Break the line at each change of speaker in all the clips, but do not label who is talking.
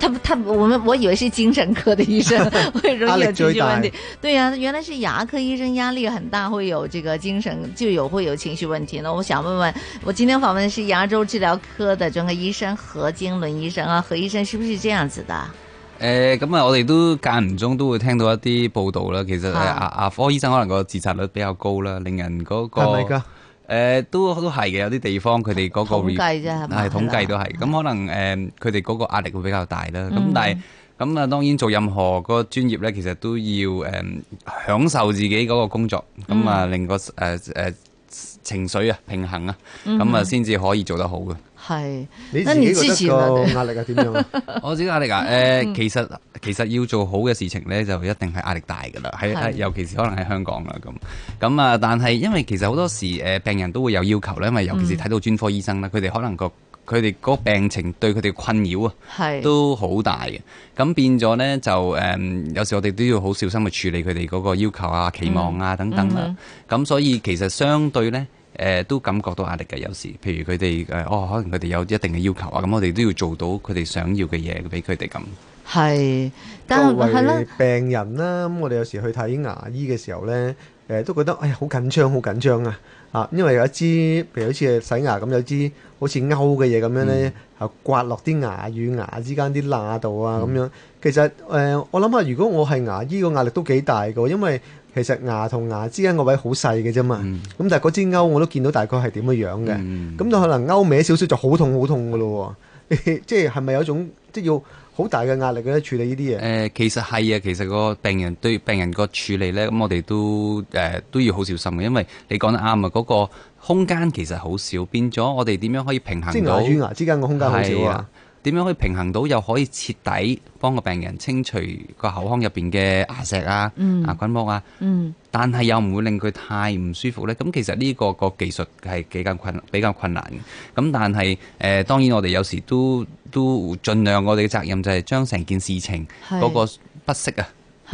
他他，我們我以為是精神科的醫生會容易有情緒問題，對呀、啊，原來是牙科醫生壓力很大，會有這個精神就有會有情緒問題。那我想問問，我今天訪問的是牙周治療科的專科醫生何經綸醫生啊，何醫生是不是這樣子的？
誒、呃，咁啊，我哋都間唔中都會聽到一啲報道啦。其實啊啊，科、啊啊啊哦、醫生可能個自殺率比較高啦，令人嗰、那個。是誒、呃、都都係嘅，有啲地方佢哋嗰個統計啫，係吧統計都係咁，的可能誒佢哋嗰個壓力會比較大啦。咁、嗯、但係咁啊，當然做任何個專業咧，其實都要誒、呃、享受自己嗰個工作，咁、嗯、啊令個誒誒、呃呃、情緒啊平衡啊，咁啊先至、嗯、可以做得好嘅。
係，是你自己個壓力係點樣？ 我自己壓力啊，誒、呃，其實
其實要做好嘅事情咧，就一定係壓力大噶啦，喺是尤其是可能喺香港啦咁咁啊。但係因為其實好多時誒、呃，病人都會有要求咧，因為尤其是睇到專科醫生啦，佢哋、嗯、可能個佢哋個病情對佢哋困擾啊，
係是都
好大嘅。咁變咗咧就誒、呃，有時我哋都要好小心去處理佢哋嗰個要求啊、期望啊等等啦、啊。咁、嗯嗯、所以其實相對咧。誒、呃、都感覺到壓力嘅，有時譬如佢哋誒，哦、呃，可能佢哋有一定嘅要求啊，咁、嗯、我哋都要做到佢哋想要嘅嘢俾佢哋咁。
係，但係咧，病人啦，咁的我哋有時去睇牙醫嘅時候咧，誒、呃、都覺得哎呀好緊張，好緊張啊！啊，因為有一支譬如好似係洗牙咁，有支好似勾嘅嘢咁樣咧，係、嗯、刮落啲牙與牙之間啲罅度啊，咁、嗯、樣。其實誒、呃，我諗下，如果我係牙醫，個壓力都幾大㗎，因為。其實牙同牙之間個位好細嘅啫嘛，咁、嗯、但係嗰支鈎我都見到大概係點嘅樣嘅，咁、嗯、就可能鈎歪少少就好痛好痛噶咯，即係係咪有一種即係、就是、要好大嘅壓力咧處理呢啲嘢？
誒、呃，其實係啊，其實個病人對病人個處理咧，咁、嗯、我哋都誒、呃、都要好小心嘅，因為你講得啱啊，嗰、嗰個空間其實好少，變咗我哋點樣可以平衡到即牙，
牙之間個空間好少啊。
點樣可以平衡到又可以徹底幫個病人清除個口腔入邊嘅牙石啊、嗯、牙菌膜啊？嗯、但係又唔會令佢太唔舒服呢？咁其實呢、這個、這個技術係比較困，比較困難。咁但係誒、呃，當然我哋有時都都盡量，我哋嘅責任就係將成件事情嗰個不適啊。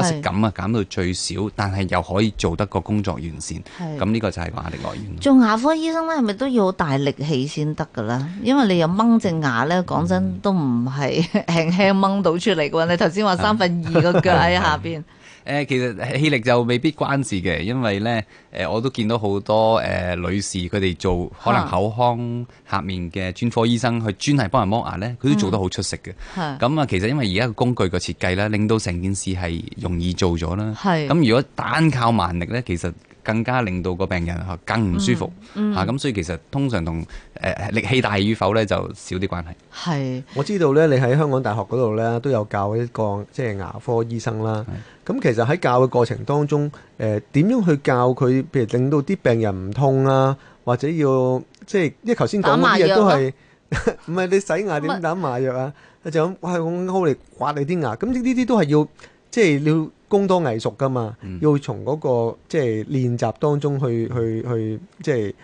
係減啊，減是到最少，但係又可以做得個工作完善。係咁，呢個就係壓力來源。
做牙科醫生咧，係咪都要好大力氣先得噶啦？因為你又掹隻牙咧，講、嗯、真都唔係輕輕掹到出嚟嘅話，嗯、你頭先話三分二個腳喺下邊。誒，其實氣力就未
必關事嘅，因為咧誒我都見到好多誒、呃、女士佢哋做可能口腔下面嘅專科醫生，是去專係幫人磨牙咧，佢都做得好出色嘅。咁啊是，其實因為而家個工具個設計啦，令到成件事係容易做咗啦。咁是如果單靠蠻力咧，其實～更加令到個病人嚇更唔舒服嚇，咁、嗯嗯啊、所以其實通常同誒、呃、力氣大與否咧就少啲關係。
係是 我知道咧，你喺香港大學嗰度咧都有教一個即係牙科醫生啦。咁是其實喺教嘅過程當中，誒、呃、點樣去教佢，譬如令到啲病人唔痛啊，或者要即係，因為頭先講嘅嘢都係唔係你洗牙點打麻藥啊？就咁係咁用力刮你啲牙，咁呢啲都係要即係要。就是要就是工多藝熟噶嘛，要從嗰、那個即係練習當中去去去，即係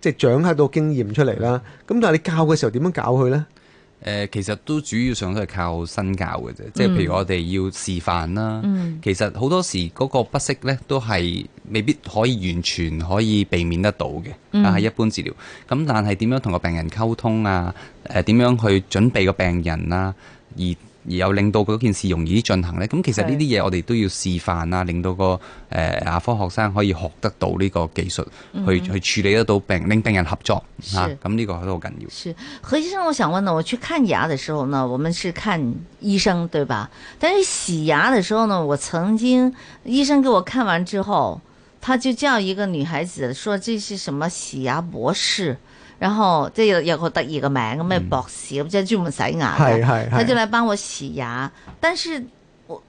即係掌握到經驗出嚟啦。咁的但係你教嘅時候點樣教佢呢？誒、
呃，其實都主要上都係靠身教嘅啫。即係、嗯、譬如我哋要示範啦。嗯、其實好多時嗰個不適呢都係未必可以完全可以避免得到嘅。嗯、但係一般治療咁，但係點樣同個病人溝通啊？誒、呃，點樣去準備個病人啊？而而又令到嗰件事容易啲進行呢，咁其實呢啲嘢我哋都要示範啊，令到個誒牙、呃、科學生可以學得到呢個技術，去去處理得到病，令病人合作嚇，咁呢是、啊，這個都好緊要。
是，何醫生，我想問呢，我去看牙的時候呢，我們是看醫生對吧？但是洗牙的時候呢，我曾經醫生給我看完之後，他就叫一個女孩子說這是什麼洗牙博士。然後即係有有個得意個名咁咩博士，即係、嗯、專門洗牙嘅，是是是他就嚟幫我洗牙。是是是但是，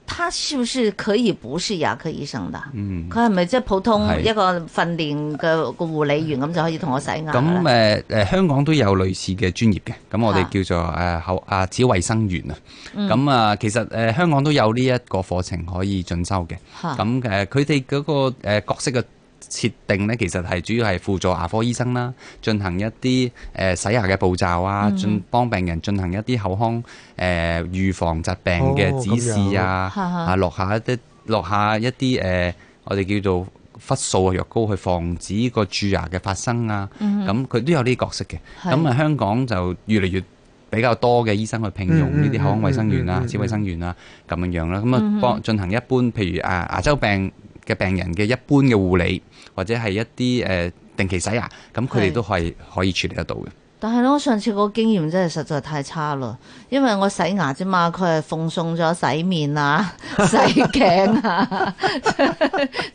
他是不是可以唔係牙科醫生噶？嗯，佢係咪即係普通一個訓練嘅個護理員咁是、嗯、就可以同我洗牙？咁
誒誒，香港都有類似嘅專業嘅，咁我哋叫做誒后啊，只衛生員啊。咁、嗯、啊，其實誒香港都有呢一個課程可以進修嘅。咁誒，佢哋嗰個誒角色嘅。設定咧，其實係主要係輔助牙科醫生啦，進行一啲誒洗牙嘅步驟啊，進幫病人進行一啲口腔誒預防疾病嘅指示啊，啊落下一啲落下一啲誒，我哋叫做氟素藥膏去防止依個蛀牙嘅發生啊。咁佢都有呢個角色嘅。咁啊，香港就越嚟越比較多嘅醫生去聘用呢啲口腔衛生員啊、牙齒衛生員啊咁樣樣啦。咁啊，幫進行一般譬如啊牙周病嘅病人嘅一般嘅護理，或者係一啲誒、呃、定期洗牙，咁佢哋都係可，可以處理得到嘅。
但係咧，我上次個經驗真係實在太差啦，因為我洗牙啫嘛，佢係奉送咗洗面啊、洗頸啊，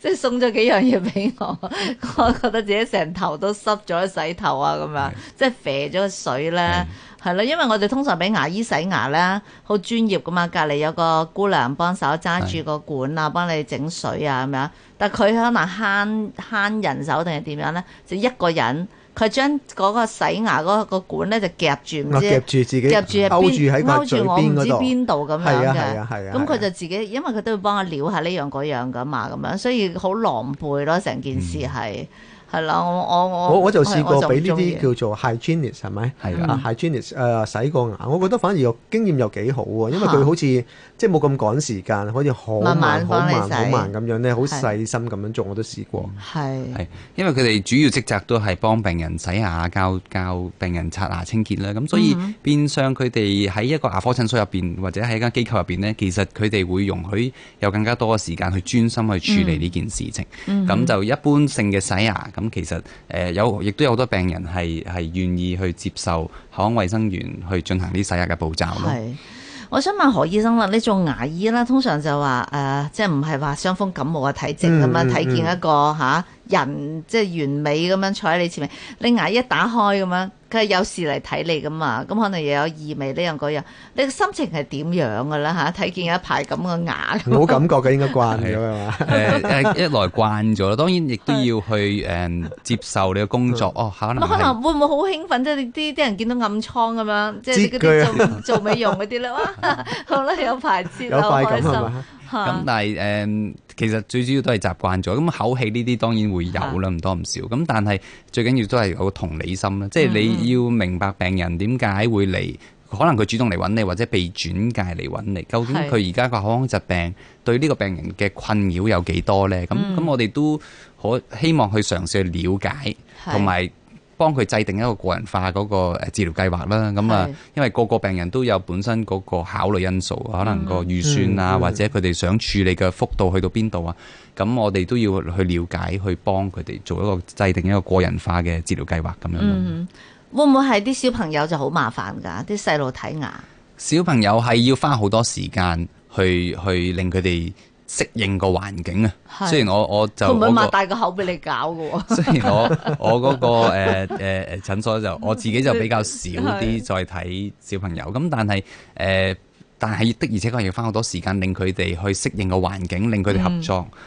即係送咗幾樣嘢俾我。我覺得自己成頭都濕咗洗頭啊，咁樣即係肥咗水啦，係啦的，因為我哋通常俾牙醫洗牙咧，好專業噶嘛，隔離有個姑娘幫手揸住個管啊，幫你整水啊咁樣。的但係佢可能慳慳人手定係點樣咧？就一個人。佢將嗰個洗牙嗰個管咧就夾住唔
知，夾住自己勾住喺個嘴邊嗰度，邊度咁樣嘅。咁佢、係啊係啊係啊
係啊、就自己，因為佢都要幫我撩下呢、呢個、樣嗰樣噶嘛，咁樣所以好狼狽咯，成件事係。嗯係啦，我我我我就試過俾呢啲叫
做 hygienist 咪？係啊 h y g i e n i s 洗個牙，我覺得反而又經驗又幾好喎，因為佢好似即係冇咁趕時間，好似好慢、好慢、好慢咁樣咧，好細心咁樣做，我都試過。係係，
因為佢哋主要職責都係幫病人洗牙、交教病人刷牙清潔啦，咁所以變相佢哋喺一個牙科診所入邊或者喺一間機構入邊咧，其實佢哋會容許有更加多嘅時間去專心去處理呢件事情。咁就一般性嘅洗牙。咁其實誒有、呃，亦都有好多病人係係願意去接受口腔衛生員去進行呢洗牙嘅步驟咯。係，
我想問何醫生啦，你做牙醫啦，通常就話誒、呃，即係唔係話傷風感冒嘅體質啊嘛，睇、嗯、見一個嚇。嗯啊人即係完美咁樣坐喺你前面，你牙一打開咁樣，佢係有事嚟睇你噶嘛？咁可能又有意味呢樣嗰樣。你嘅心情係點樣㗎啦？嚇，睇見有一排咁嘅牙，冇感
覺嘅應該慣咗啊嘛。一來
慣咗啦，當然亦都要去誒的接受你嘅工作哦。可能，可能
會唔會好興奮？即係啲啲人見到暗瘡咁樣，即係啲做做美容嗰啲啦。好啦，有排接，好咁但
係誒、嗯，其實最主要都係習慣咗。咁口氣呢啲當然會有啦，唔多唔少。咁但係最緊要都係有個同理心啦，即係、嗯、你要明白病人點解會嚟，可能佢主動嚟揾你，或者被轉介嚟揾你。究竟佢而家個口腔疾病對呢個病人嘅困擾有幾多咧？咁咁、嗯、我哋都可希望去嘗試去了解，同埋。幫佢制定一個個人化嗰個誒治療計劃啦，咁啊，因為個個病人都有本身嗰個考慮因素，可能個預算啊，或者佢哋想處理嘅幅度去到邊度啊，咁我哋都要去了解，去幫佢哋做一個制定一個個人化嘅治療計劃咁樣、啊
嗯。會唔會係啲小朋友就好麻煩㗎？啲細路睇牙，
小朋友係要花好多時間去去令佢哋。適應個環境啊！雖然我我就唔會擘大
個口俾你搞噶。雖然我
我嗰、那個誒誒誒診所就我自己就比較少啲再睇小朋友，咁 是的 但係誒、呃，但係的而且確要花好多時間令佢哋去適應個環境，令佢哋合作。嗯。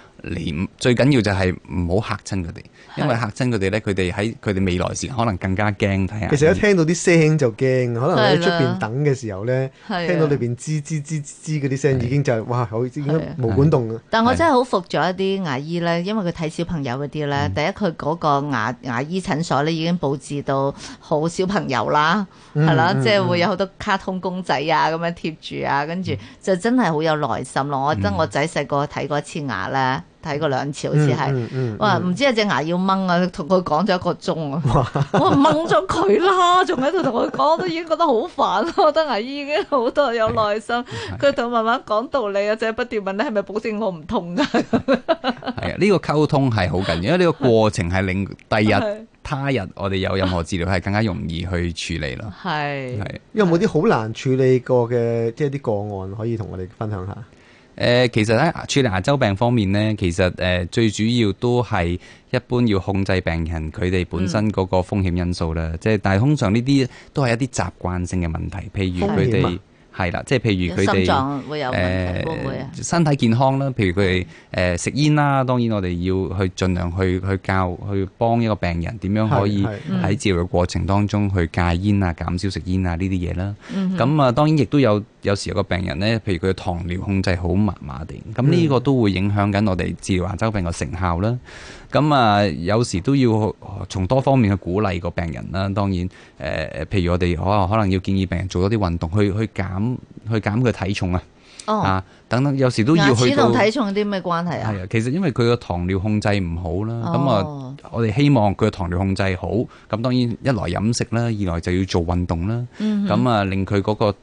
最緊要就係唔好嚇親佢哋，因為嚇親佢哋呢，佢哋喺佢哋未來時可能更加驚睇
下。其實一聽到啲聲就驚，可能喺出邊等嘅時候呢，聽到裏邊吱吱吱吱嗰啲聲已經就係哇好，應該無管動嘅。但我真
係好服咗一啲牙醫呢，因為佢睇小朋友嗰啲呢，第一佢嗰個牙牙醫診所呢已經佈置到好小朋友啦，係啦，即係會有好多卡通公仔啊咁樣貼住啊，跟住就真係好有耐心咯。我真我仔細個睇過一次牙呢。睇過兩次好似係，哇！唔知啊隻牙要掹啊，同佢講咗一個鐘啊，哇！我掹咗佢啦，仲喺度同佢講，都已經覺得好煩咯。覺得牙醫已經好多有耐心，佢同我慢慢講道理啊，即係不斷問你係咪保證我唔痛啊？係啊，
呢個溝通係好緊要，因為呢個過程係令第日他日我哋有任何治療係更加容易去處理咯。
係係，有冇啲好難處理過嘅，即係啲個案可以同我哋分享下？
誒、呃，其實咧，處理牙周病方面咧，其實誒、呃，最主要都係一般要控制病人佢哋本身嗰個風險因素啦。即係，但係通常呢啲都係一啲習慣性嘅問題，譬如佢哋係啦，即係譬如佢哋誒，身體健康啦，譬如佢哋誒食煙啦，當然我哋要去盡量去去教去幫一個病人點樣可以喺治療嘅過程當中去戒煙啊，減少食煙啊呢啲嘢啦。咁啊，嗯、哼當然亦都有。有時有個病人呢，譬如佢嘅糖尿控制好麻麻地，咁呢個都會影響緊我哋治療牙周病嘅成效啦。咁啊，有時都要從多方面去鼓勵個病人啦。當然，誒、呃，譬如我哋可能可能要建議病人做多啲運動，去去減去減佢體重啊。哦，啊，等等，有時都要去到，牙齒同體重
有啲咩關係啊？係啊，
其實因為佢個糖尿控制唔好啦，咁、哦、啊，我哋希望佢個糖尿控制好，咁當然一來飲食啦，二來就要做運動啦，咁、嗯、哼啊令佢嗰、嗰個誒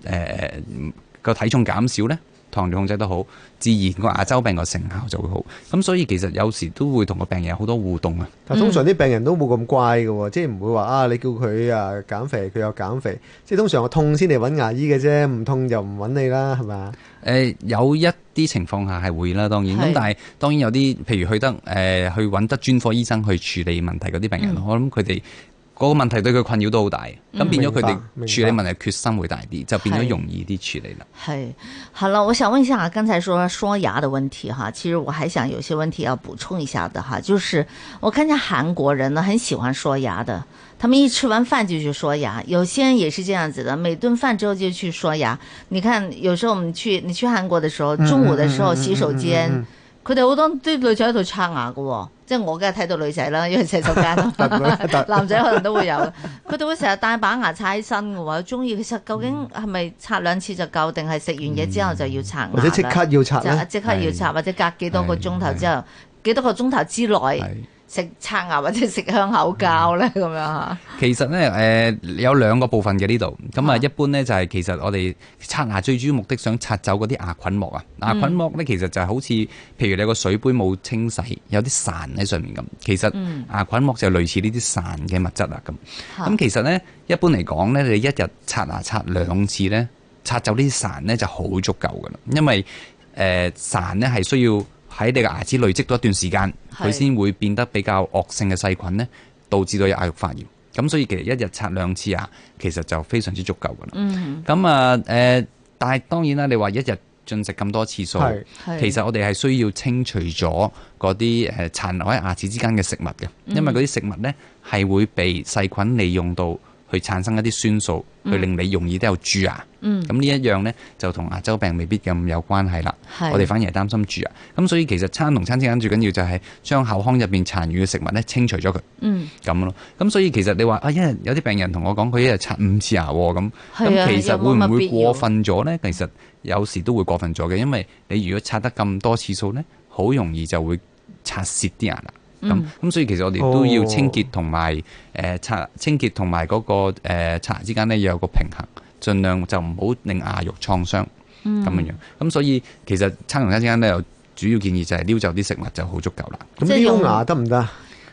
個、呃、體重減少咧。糖尿控制得好，自然個牙周病個成效就會好。咁所以其實有時都會同個病人有好多互動啊。嗯、但
通常啲病人都冇咁乖嘅，即係唔會話啊，你叫佢啊減肥，佢又減肥。即係通常我痛先嚟搵牙醫嘅啫，唔痛就唔搵你啦，係咪？誒、
呃，有一啲情況下係會啦，當然。咁是但係當然有啲，譬如去得誒、呃，去搵得專科醫生去處理問題嗰啲病人，嗯、我諗佢哋。個個問題對佢困擾都好大，咁、嗯、變咗佢哋處理問題決心會大啲，白就變咗容易啲處理啦。
係、嗯，好了，我想問一下，我剛才說刷牙的問題哈，其實我還想有些問題要補充一下的哈，就是我看見到韓國人呢，很喜歡刷牙的，他們一吃完飯就去刷牙，有些人也是這樣子的，每頓飯之後就去刷牙。你看，有時候我們去，你去韓國的時候，中午的時候洗手間，佢哋好多都女仔喺度刷牙嘅喎。即係我梗係睇到女仔啦，因為洗手間男仔可能都會有，佢 都會成日帶把牙刷喺身嘅話，中意其實究竟係咪刷兩次就夠，定係食完嘢之後就要刷牙咧？或者即刻要刷，即刻要刷，的或者隔幾多個鐘頭之後，幾多個鐘頭之內？食刷牙或者食香口膠咧，咁樣嚇。
其實咧，誒、呃、有兩個部分嘅呢度。咁啊，一般咧就係其實我哋刷牙最主要目的想刷走嗰啲牙菌膜啊。嗯、牙菌膜咧其實就係好似，譬如你個水杯冇清洗，有啲潺喺上面咁。其實牙菌膜就類似呢啲潺嘅物質啊。咁咁、嗯、其實咧，一般嚟講咧，你一日刷牙刷兩次咧，刷走呢啲潺咧就好足夠噶啦。因為誒潺咧係需要喺你嘅牙齒累積咗一段時間。佢先會變得比較惡性嘅細菌呢，導致到有牙肉發炎。咁所以其實一日刷兩次牙，其實就非常之足夠噶啦。咁啊、嗯，誒、呃，但係當然啦，你話一日進食咁多次數，其實我哋係需要清除咗嗰啲誒殘留喺牙齒之間嘅食物嘅，因為嗰啲食物呢係會被細菌利用到。去產生一啲酸素，去令你容易都有蛀牙。咁呢一樣呢，就同牙周病未必咁有關係啦。是我哋反而係擔心蛀牙。咁所以其實餐同餐之間最緊要就係將口腔入邊殘餘嘅食物咧清除咗佢。咁、嗯、咯。咁所以其實你話、嗯、啊，一日有啲病人同我講，佢一日刷五次牙喎。咁咁、嗯、其實會唔會過分咗呢？嗯、其實有時都會過分咗嘅，因為你如果刷得咁多次數呢，好容易就會刷蝕啲牙啦。咁咁、嗯嗯、所以其實我哋都要清潔同埋誒刷清潔同埋嗰個誒刷牙，呃、之間咧要有個平衡，盡量就唔好令牙肉創傷咁樣樣。咁、嗯、所以其實餐同餐之間咧，有主要建議就係撩走啲食物就好足夠啦。咁用、嗯、樣牙得唔得？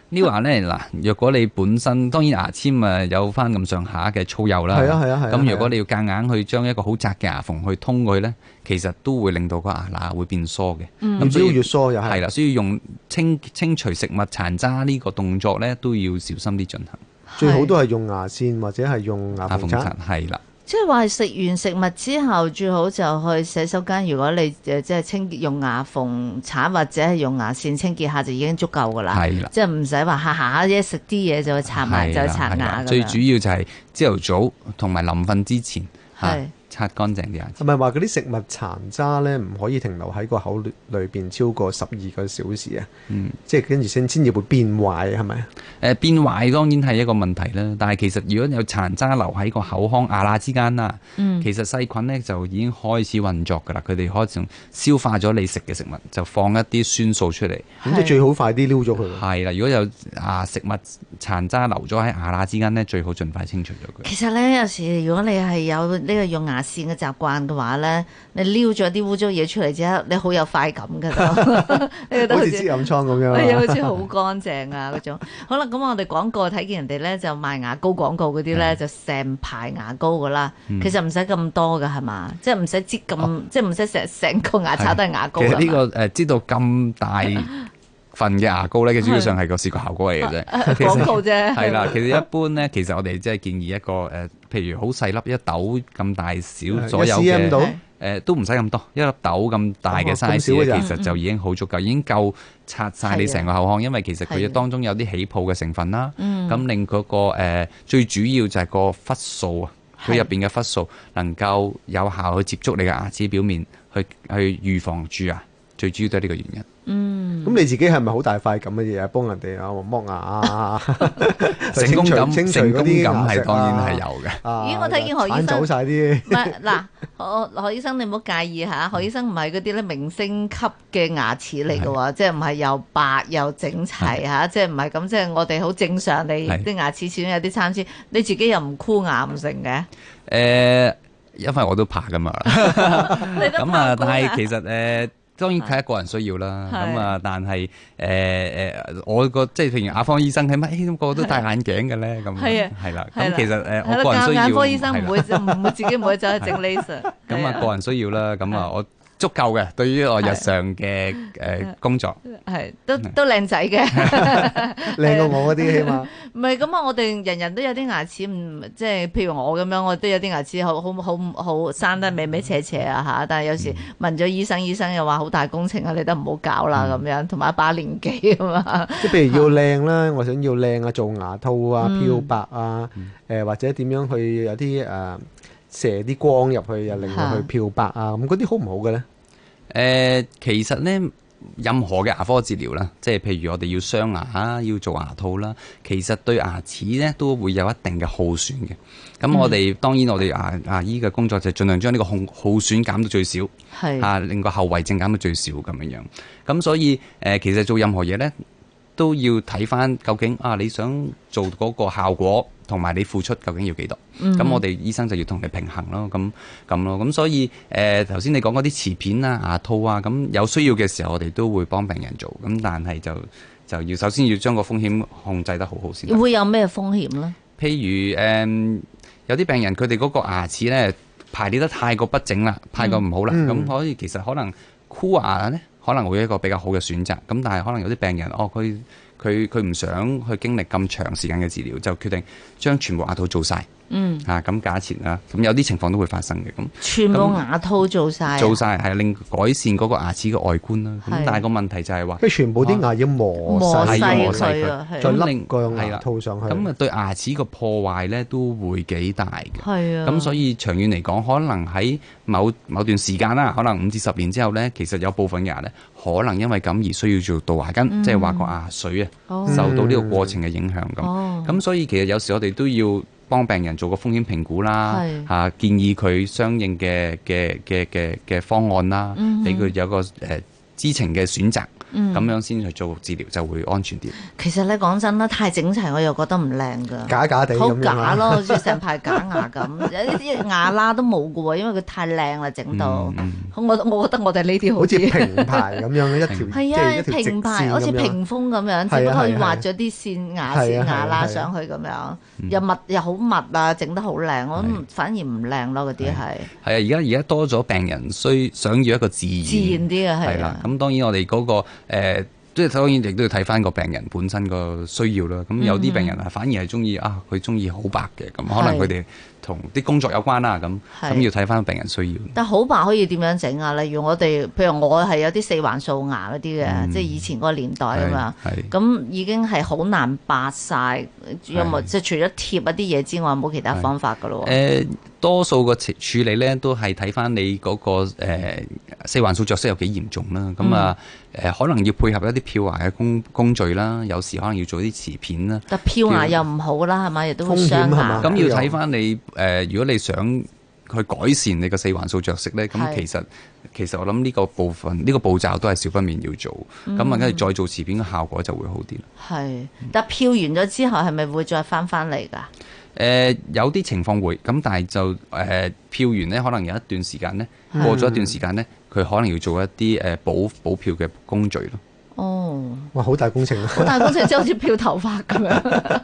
呢話咧嗱，若果你本身當然牙籤啊有翻咁上下嘅粗幼啦，咁、啊啊啊啊、如果你要夾硬去將一個好窄嘅牙縫去通佢咧，其實都會令到個牙牙會變疏嘅。咁所以越疏又係，係啦、啊，所以用清清除食物殘渣呢個動作咧都要小心啲進行。最好都係用牙線或
者係用牙縫刷，係啦。
即係話食完食物之後最好就去洗手間。如果你誒即係清潔，用牙縫刷或者係用牙綫清潔下就已經足夠噶啦。係啦，即係唔使話下下一食啲嘢，就刷埋是的 就刷牙咁樣。最主
要就係朝頭早同埋臨瞓之前係。的擦乾淨啲
牙。係咪話嗰啲食物殘渣咧唔可以停留喺個口裏邊超過十二個小時啊？嗯，即係跟住先先至會變壞係咪？誒、呃、變壞當然係一個問題啦。但係其實如果有
殘渣留喺個口腔牙罅、啊、之間啦，嗯，其實細菌咧就已經開始運作㗎啦。佢哋開始消化咗你食嘅食物，就放一啲酸素出嚟。咁即係最好快啲溜咗佢。係啦，如果有啊食物殘渣留咗喺牙罅之間呢，最好盡快清除咗
佢。其實咧，有時如果你係有呢個用牙線嘅習慣嘅話咧，你撩咗啲污糟嘢出嚟之後，你好有快感㗎。你覺得
好似滋陰瘡咁樣。好似好
乾淨啊嗰種。 好啦，咁我哋廣告睇見人哋咧就賣牙膏廣告嗰啲咧，就成排牙膏㗎啦。嗯嗯、其實唔使咁多㗎，係嘛？即係唔使擠咁，即係唔使成成個牙刷都係牙膏。其實呢個
誒知道咁大， 份嘅牙膏咧，嘅主要上係個視覺效果嚟嘅啫，啫 實。係 啦，其實一般咧，其實我哋即係建議一個誒、呃，譬如好細粒一豆咁大小左右嘅，誒、 呃，都唔使咁多，一粒豆咁大嘅 size，、哦、其實就已經好足夠，已經夠擦晒你成個口腔，的因為其實佢當中有啲起泡嘅成分啦，咁令嗰個誒、呃、最主要就係個氟素啊，佢入邊嘅氟素能夠有效去接觸你嘅牙齒表面去，去去預防蛀牙。最主要都係呢個原因。嗯，
咁你自己係咪好大快感嘅嘢啊？幫人哋啊，剝牙啊，成功感成功感係當然係有嘅。咦，我睇見何醫生，慘早晒啲。唔
係嗱，何何醫生，你唔好介意吓。何醫生唔係嗰啲咧明星級嘅牙齒嚟嘅喎，即係唔係又白又整齊吓，即係唔係咁，即係我哋好正常。你啲牙齒始終有啲參差，你自己又唔箍牙唔成嘅。
誒，因為我都怕噶嘛。
咁啊，但係其實
誒。當然係一個人需要啦，咁啊，但係誒誒，我個即係譬如眼科醫生睇乜，誒咁個個都戴眼鏡嘅咧，咁係啊，係啦，咁其實誒，我個人需要眼科醫生唔會唔
會自己唔會走去整 laser，咁啊個人
需要啦，咁啊我。足夠嘅，對於我日常嘅誒工作
係都都靚仔嘅，
靚過我嗰啲起碼。
唔係咁啊！我哋人人都有啲牙齒唔即係，譬如我咁樣，我都有啲牙齒好好好好生得歪歪斜斜啊嚇！但係有時問咗醫生，醫生又話好大工程啊，你都唔好搞啦咁樣，同埋一把年紀啊嘛。即係譬
如要靚啦，我想要靚啊，做牙套啊，漂白啊，誒或者點樣去有啲誒。射啲光入去又令到佢漂白啊，咁嗰啲好唔好嘅咧？
誒、呃，其實咧任何嘅牙科治療啦，即係譬如我哋要鑲牙啊，嗯、要做牙套啦，其實對牙齒咧都會有一定嘅耗損嘅。咁我哋，嗯、當然我哋牙牙醫嘅工作就盡量將呢個耗耗損減到最少，係的啊，令個後遺症減到最少咁樣樣。咁所以誒、呃，其實做任何嘢咧。都要睇翻究竟啊，你想做嗰個效果同埋你付出究竟要幾多？咁、嗯、我哋醫生就要同你平衡咯。咁咁咯。咁所以誒，頭、呃、先你講嗰啲瓷片啊、牙套啊，咁有需要嘅時候，我哋都會幫病人做。咁但係就就要首先要將個風險控制得好好先。會
有咩風險呢？
譬如誒、呃，有啲病人佢哋嗰個牙齒呢排列得太過不整啦，太過唔好啦。咁所、嗯嗯、以其實可能箍牙呢。可能會有一個比較好嘅選擇，但係可能有啲病人，哦，佢佢佢唔想去經歷咁長時間嘅治療，就決定將全部牙套做晒。嗯，吓咁假設啦，咁有啲情況都會發生嘅，咁全部牙
套做晒，做
晒係令改善嗰個牙齒嘅外觀啦。咁但係個問題就係話，即全部啲牙要磨細磨晒佢，再甩骨係啦，套上去咁啊，對牙齒個破壞咧都會幾大嘅。
係啊，咁所
以長遠嚟講，可能喺某某段時間啦，可能五至十年之後咧，其實有部分牙咧可能因為咁而需要做杜牙根，即係話個牙水啊，受到呢個過程嘅影響咁。咁所以其實有時我哋都要。幫病人做個風險評估啦，嚇是、啊、建議佢相應嘅嘅嘅嘅方案啦，畀佢、嗯、哼有個誒、呃、知情嘅選擇。嗯，咁樣先去做治療就會安全啲。
其實你講真啦，太整齊我又覺得唔靚噶，假假哋，好假咯，好似成排假牙咁，有啲啲牙罅都冇嘅喎，因為佢太靚啦整
到。
我我覺得我哋呢啲好似平排咁
樣一條，即係一條直線，好似屏
風咁樣，只不過畫咗啲線牙線牙罅上去咁樣，又密又好密啊，整得好靚，我反而唔靚咯嗰啲係。
係啊，而家而家多咗病人需想要一個自然自然
啲嘅係啦。
咁當然我哋嗰個。誒，即係當然亦都要睇翻個病人本身個需要啦。咁有啲病人、嗯、啊，反而係中意啊，佢中意好白嘅，咁可能佢哋。同啲工作有關啦，咁咁要睇翻病人需要。
但好白可以點樣整啊？例如我哋，譬如我係有啲四環素牙嗰啲嘅，即係以前嗰個年代啊嘛。係咁已經係好難白晒。有冇即係除咗貼一啲嘢之外，冇其他方法㗎咯喎。誒，
多數個處理咧，都係睇翻你嗰個四環素著色有幾嚴重啦。咁啊，誒可能要配合一啲漂牙嘅工工序啦，有時可能要做啲瓷片啦。但
漂牙又唔好啦，係咪？亦都傷牙。風險，咁要睇
翻你。誒、呃，如果你想去改善你個四環素着色咧，咁是其實其實我諗呢個部分呢，這個步驟都係少不免要做，咁啊跟住再做瓷片嘅效果就會好啲啦。
係，但係票完咗之後係咪會再翻翻嚟噶？
誒、呃，有啲情況會，咁但係就誒、呃、票完咧，可能有一段時間咧，過咗一段時間咧，佢是可能要做一啲誒補補票嘅工序咯。
哦，哇，好大工程咯！好大工程即係好
似漂頭髮咁樣，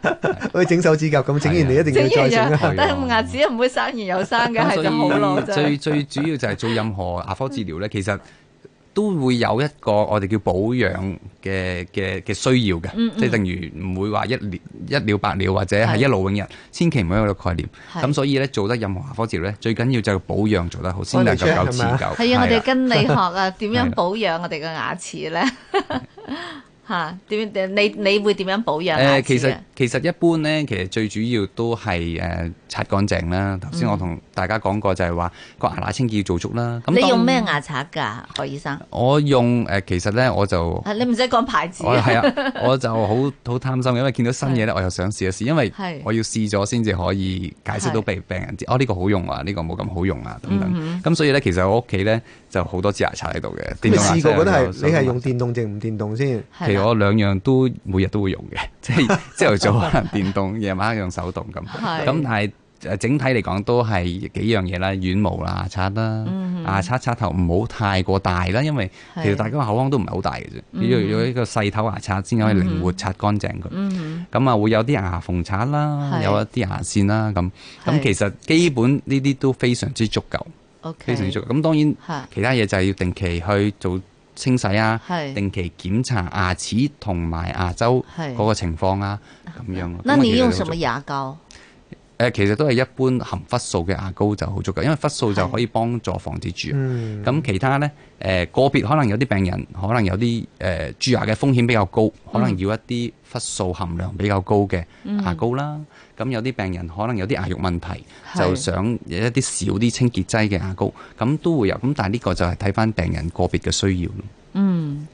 好似整手指甲咁，整完你一定要再整。但係
牙齒又唔會生完又生嘅，係就好耐。最
最主要就係做任何牙科治
療咧， 嗯、其實。都會有一個我們叫保養的嘅嘅需要嘅，即係等於唔會話一了一了百了，或者係一勞永逸，千祈唔好有個概念。咁所以呢，做得任何牙科治療呢，最緊要就係保養做得好，先能夠持久。係啊，我哋跟你學
啊， 點樣保養我哋嘅牙齒呢？吓？點？你你會點樣保養？呃，其實
其實一般呢，其實最主要都係呃擦乾淨啦。頭先我同大家講過就係話個牙牙清潔要做足啦。咁你用咩牙
刷㗎，何醫生？
我用誒、呃，其實咧我就、
啊、你唔使講牌子、啊。 我啊，我
就好好貪心因為見到新嘢咧，是我又想試一試，因為我要試咗先至可以解釋到畀病人知是哦，呢、這個好用啊，呢、這個冇咁好用啊，等等。咁、嗯、哼所以咧，其實我屋企咧就好多支牙刷喺度嘅。電動你試過？覺得係你係
用電動定唔電動先？啊、其實我
兩樣都每日都會用嘅， 即係朝頭早可能 電動，夜晚用手動咁。咁，是但係。整體嚟講都係幾樣嘢啦，軟毛牙刷啦，mm hmm. 牙刷刷頭唔好太過大啦，因為其實大家個口腔都唔係好大嘅啫，mm hmm. 要要一個細頭牙刷先可以靈活刷乾淨佢。咁、mm hmm. 啊，會有啲牙縫刷啦，是有一啲牙線啦，咁咁是其實基本呢啲都非常之足夠
，Okay. 非常之足夠。咁當然其
他嘢就係要定期去做清洗啊，是定期檢查牙齒同埋牙周嗰個情況啊，咁樣。是那你用什麼
牙膏？
誒，其實都係一般含氟素嘅牙膏就好足夠，因為氟素就可以幫助防止蛀牙。咁、嗯、其他呢，誒、呃，個別可能有啲病人可能有啲誒蛀牙嘅風險比較高，嗯、可能要一啲氟素含量比較高嘅牙膏啦。咁、嗯、有啲病人可能有啲牙肉問題，是就想有一啲少啲清潔劑嘅牙膏，咁都會有。咁但係呢個就係睇翻病人個別嘅需要咯。嗯，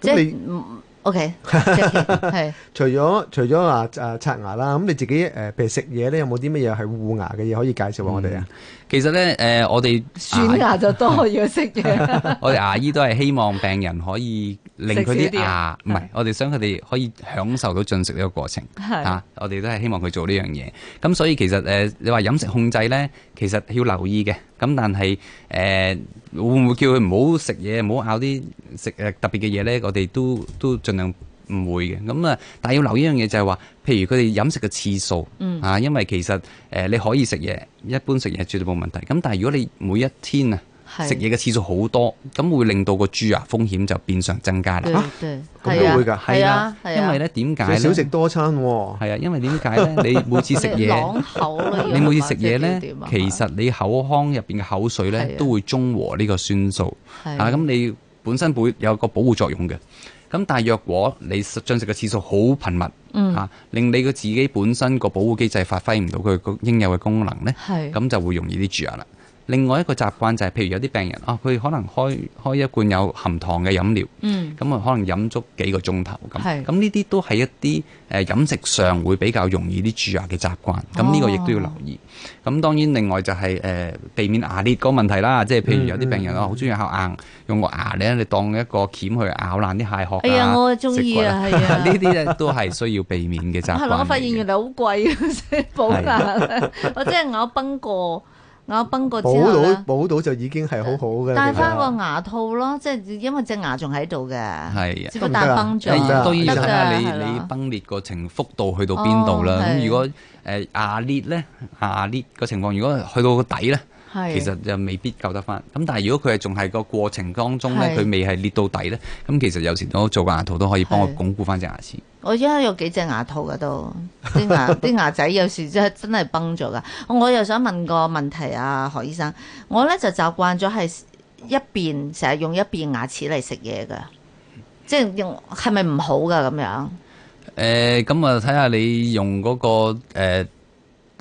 即係你。嗯 O K，係
除咗除咗話誒刷牙啦，咁你自己誒、呃、譬如食嘢咧，有冇啲乜嘢係護牙嘅嘢可以介紹俾我哋啊？嗯其實咧，誒、呃，我哋選、啊、牙就多 要
食嘢。
我哋牙醫都係希望病人可以令佢啲牙，唔係，是是我哋想佢哋可以享受到進食呢個過程。係是啊，我哋都係希望佢做呢樣嘢。咁所以其實，誒、呃，你話飲食控制咧，其實要留意嘅。咁但係，誒、呃，會唔會叫佢唔好食嘢，唔好咬啲食誒特別嘅嘢咧？我哋都都盡量。唔會嘅，咁啊，但係要留意一樣嘢就係話，譬如佢哋飲食嘅次數，啊，因為其實誒你可以食嘢，一般食嘢絕對冇問題。咁但係如果你每一天啊食嘢嘅次數好多，咁會令到個蛀牙風險就變相增加啦。
咁都會㗎，係啊，因
為咧點
解少食多餐？係啊，因為點解咧？你每次食嘢，你每次食嘢咧，其實你口腔入邊嘅口水咧都會中和呢個酸素，啊，咁你本身會有個保護作用嘅。咁但若果你進食嘅次數好頻密嚇、嗯啊，令你嘅自己本身個保護機制發揮唔到佢應有嘅功能咧，咁是就會容易啲蛀牙啦。另外一個習慣就係，譬如有啲病人啊，佢可能開開一罐有含糖嘅飲料，咁啊、嗯、可能飲足幾個鐘頭咁。咁呢啲都係一啲誒飲食上會比較容易啲蛀牙嘅習慣。咁呢個亦都要留意。咁當然另外就係誒避免牙裂個問題啦。即係譬如有啲病人啊 un、嗯嗯嗯嗯嗯，好鍾意咬硬，用個牙咧你當一個鉗去咬爛啲蟹殼。係、哎、啊，我鍾意啊，係啊，呢啲
就都
係需要避免嘅習慣、啊。係咯，我發現
原來好貴啊，補牙咧，我真係咬崩過。我、啊、崩過之後咧，
補到補到就已經係好好嘅。戴翻個
牙套咯，的即係因為隻牙仲喺度嘅。係啊的，只不過戴崩咗。都要睇下你的你，你
崩裂個程幅度去到邊度啦。咁、哦、如果誒牙裂咧，牙裂個情況，如果去到個底咧。是其實就未必救得翻，咁但係如果佢係仲係個過程當中咧，佢是未係裂到底咧，咁其實有時都做牙套都可以幫我鞏固翻隻牙齒。
我而家有幾隻牙套噶都，啲牙啲牙仔有時真真係崩咗噶 我又想問個問題啊，何醫生，我咧就習慣咗係一邊成日用一邊牙齒嚟食嘢噶，即係用係咪唔好噶咁樣？
誒、呃，咁啊睇下你用嗰、那個誒、呃、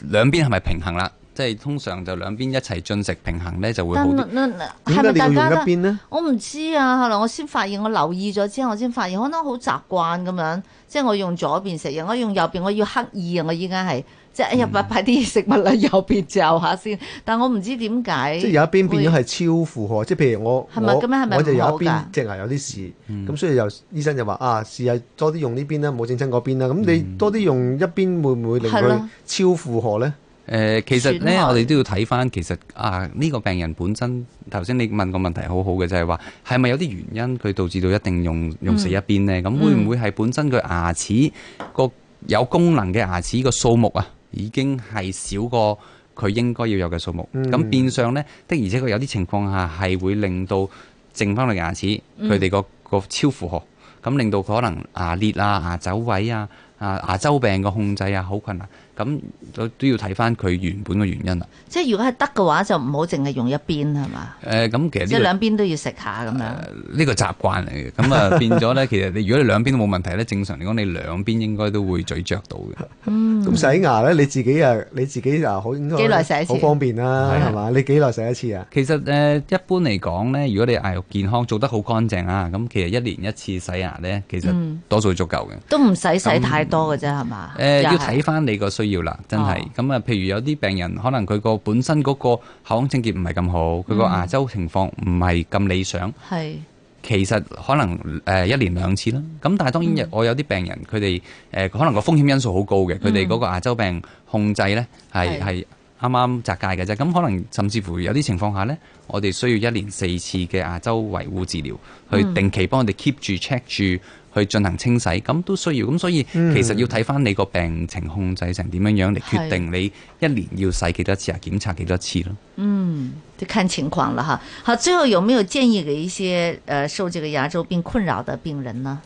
兩邊係咪平衡啦？即係通常就兩邊一齊進食平衡咧，就會冇
點解但你要用一邊咧？邊呢我唔知啊，後來我先發現，我留意咗之後，我先發現可能好習慣咁樣，即係我用左邊食嘢，我用右邊，我要刻意啊！我依家係即係入埋擺啲食物喺右邊嚼下先。嗯、但我唔知點解，即係有一邊變咗係
超負荷。會即係譬如我咪？咪？樣是不是不好好我就有一邊隻牙有啲事，咁、嗯嗯、所以又醫生就話啊，試下多啲用呢邊啦，冇整親嗰邊啦。咁、嗯嗯、你多啲用一邊會唔會令佢超負荷咧？誒、呃，
其實咧，來我哋都要睇翻，其實啊，呢、這個病人本身頭先你問個問題好好嘅，就係話係咪有啲原因佢導致到一定用用死一邊呢？咁、嗯、會唔會係本身佢牙齒個有功能嘅牙齒個數目啊，已經係少過佢應該要有嘅數目？咁、嗯、變相呢，的確，而且佢有啲情況下係會令到剩翻嚟牙齒佢哋個個超負荷，咁、嗯、令到可能牙裂啊、牙走位啊、啊牙周病嘅控制啊，好困難。咁都要睇翻佢原本嘅原因啦。
即係如果係得嘅話，就唔好淨係用一邊係嘛。
誒，咁其實即係兩
邊都要食下咁樣。
呢個習慣嚟嘅。咁啊變咗咧，其實你如果你兩邊都冇問題咧，正常嚟講，你兩邊應該都會咀嚼到嘅。嗯。
咁洗牙咧，你自己啊，你自己啊，好應該好方便啦，係嘛？你幾耐洗一次啊？
其實誒，一般嚟講咧，如果你牙肉健康，做得好乾淨啊，咁其實一年一次洗牙咧，其實多數足夠嘅。
都唔使洗太多嘅啫，係嘛？誒，要睇
翻你個需要啦，真係咁啊！譬、嗯、如有啲病人，可能佢個本身嗰個口腔清潔唔係咁好，佢個牙周情況唔係咁理想。
係是，
其實可能誒一年兩次啦。咁、嗯、但係當然我有啲病人，佢哋誒可能個風險因素好高嘅，佢哋嗰個牙周病控制呢係係啱啱扎界嘅啫。咁是可能甚至乎有啲情況下呢，我哋需要一年四次嘅牙周維護治療，去定期幫我哋 keep 住 check 住。去進行清洗，咁都需要，咁所以其實要睇返你個病情控制成點樣樣嚟、嗯、決定你一年要洗幾多次啊，檢查幾多次咯。
嗯，就看情況啦，哈。好，最後有沒有建議給一些，誒，受這個牙周病困擾的病人呢？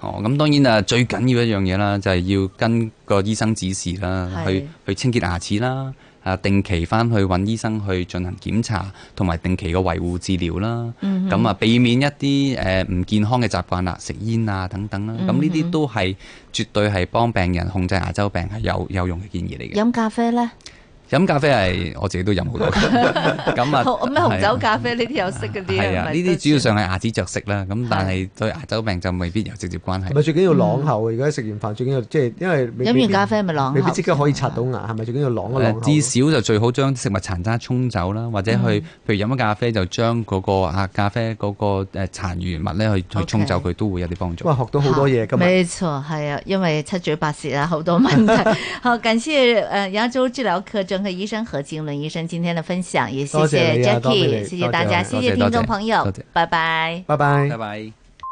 哦，咁當然啊，最緊要一樣嘢啦，就係要跟個醫生指示啦，的去去清潔牙齒啦。啊，定期翻去揾醫生去進行檢查，同埋定期嘅維護治療啦。咁、嗯、哼啊，避免一啲誒唔健康嘅習慣啦，食煙啊等等啦，啊。咁呢啲都係絕對係幫病人控制牙周病係有有用嘅建議嚟嘅。
飲咖啡呢？
飲咖啡係我自己都飲好多，咁啊咩紅酒咖
啡呢啲有色嗰啲啊？係啊，呢啲
主要上係牙齒着色啦，咁但係對牙周病就未必有直接關係。咪最
緊要朗口，而家食完飯最緊要即係因為飲完咖啡咪朗口，未必即刻可以刷到牙，係咪最緊要朗口？至
少就最好將食物殘渣沖走啦，或者去譬如飲咗咖啡就將嗰個啊咖啡嗰個誒殘餘物咧去去沖走佢都會有啲幫助。
哇，學到好多嘢㗎！冇錯，係啊，因為七嘴八舌啊，好多問題。好，感謝誒牙周治療醫生何經綸醫生今天的分享，也謝謝 Jackie，謝、啊、謝，謝謝大家，謝謝，謝謝聽眾朋友，拜拜，拜拜，拜
拜。